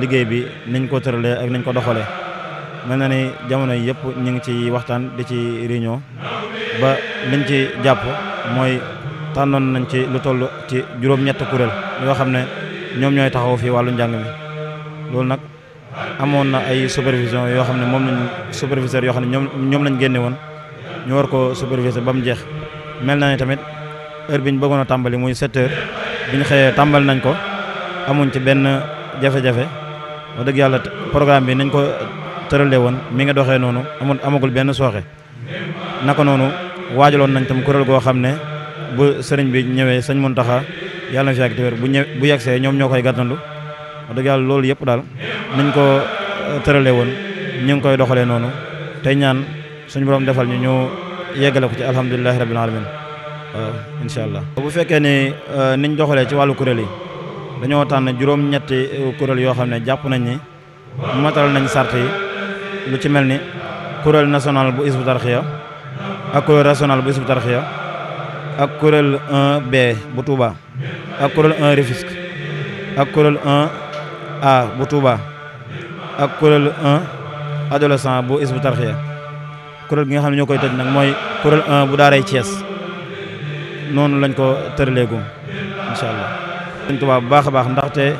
liggéey bi nañ ko tëralee ak nañ ko doxalee mel na ni jamono yëpp ñu ngi ci waxtaan di ci réunion ba liñ ci jàpp mooy tànnoon nañ ci lu toll ci juróom-ñett kuréel yoo xam ne ñoom ñooy taxaw fii wàllu njàng mi loolu nag amoon na ay supervision yoo xam ne moom lañ superviseur yoo xam ne ñoom ñoom lañ génne woon ñu war ko superviser ba mu jeex mel na ni tamit heure bi ñu bëggoon a tàmbali muy 7 heures bi ñu xëyee tàmbali nañ ko amuñ ci benn jafe-jafe wax dëgg yàlla programme bi nañ ko tëralee woon mi nga doxee noonu amul amagul benn sooxe naka noonu waajaloon nañ tam kuréel goo xam ne bu sëriñ bi ñëwee sëñ Muntaxa yàlla na fi yàgg te wér bu ñëw bu yegsee ñoom ñoo koy gàttandu wax dëgg yàlla loolu yëpp daal nañ ko euh, tëralee woon ñu ngi koy doxalee noonu tey ñaan suñ borom defal ñu ñu yeggale ko ci alhamdulilahi rabbil alamin waaw allah bu fekkee ni euh, niñ doxalee ci wàllu kuréel yi dañoo tànn juróom-ñetti eh, kuréel yoo xam ne jàpp nañ ni matal nañ sart yi lu ci mel ni kuréel national bu isbu tarxiya ak kuréel régional bu isbu tarxiya ak kuréel 1B bu Touba ak kuréel 1 a bu ak kuréel 1 adolescent bu isbu tarxiya kuréel gi nga xam ne ñoo koy tëj nag mooy kuréel 1 bu daaray Thiès noonu lañ ko tëraleegum incha allah sëñ Tuubaa bu baax a baax ndaxte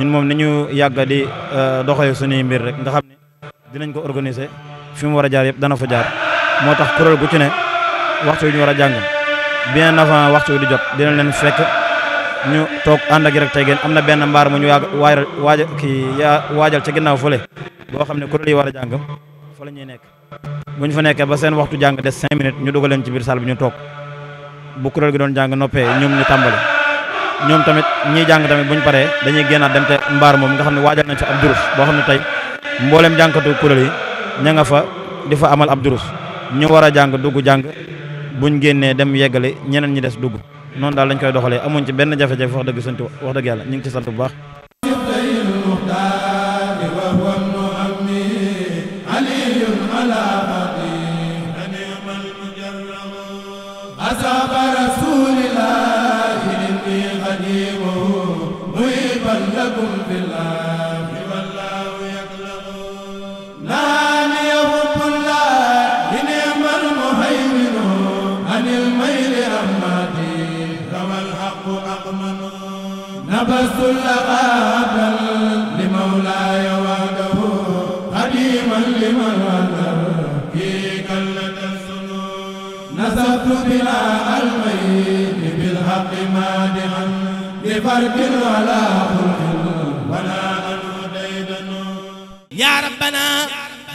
ñun moom ni ñu yàgg di euh, doxalee suñuy mbir rek nga xam ne dinañ ko organiser fi mu war a jaar yëpp dana fa jaar moo tax kuréel gu ci ne waxtu yi ñu war a jàng bien avant waxtu wi di jot dinañ leen fekk ñu toog ànd ak tey ngeen am na benn mbaar mu ñu yàgg waajal waajal kii yaa waajal ca ginnaaw fële boo xam ne kuréel yi war a jàng la ñuy nekk bu ñu fa nekkee ba seen waxtu jàng des cinq minutes ñu dugal leen ci biir salle bi ñu toog bu kuréel gi doon jàng noppee ñoom ñu tàmbali ñoom tamit ñiy jàng tamit buñ paree dañuy génnaat dem te mbaar moom nga xam ne waajal nañ fa ab durus boo xam ne tey mbooleem jànkatu kuréel yi ña nga fa di fa amal ab durus ñu war a jàng dugg jàng buñ génnee dem yeggale ñeneen ñi des dugg noonu daal lañ koy doxalee amuñ ci benn jafe-jafe wax dëgg sant wax dëgg yàlla ñu ngi ci sant bu baax نبذت اللغابا لمولاي وحده قديما لمن وذر في كلة السنون نسبت بلا الميت بالحق مادحا بفرق ولا خلق ولا يا ربنا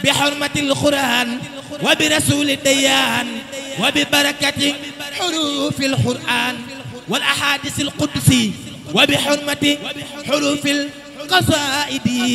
بحرمة القرآن وبرسول الديان وببركة حروف القرآن wal ahadis al qudsi wa bi hurmati hurufil qasaidi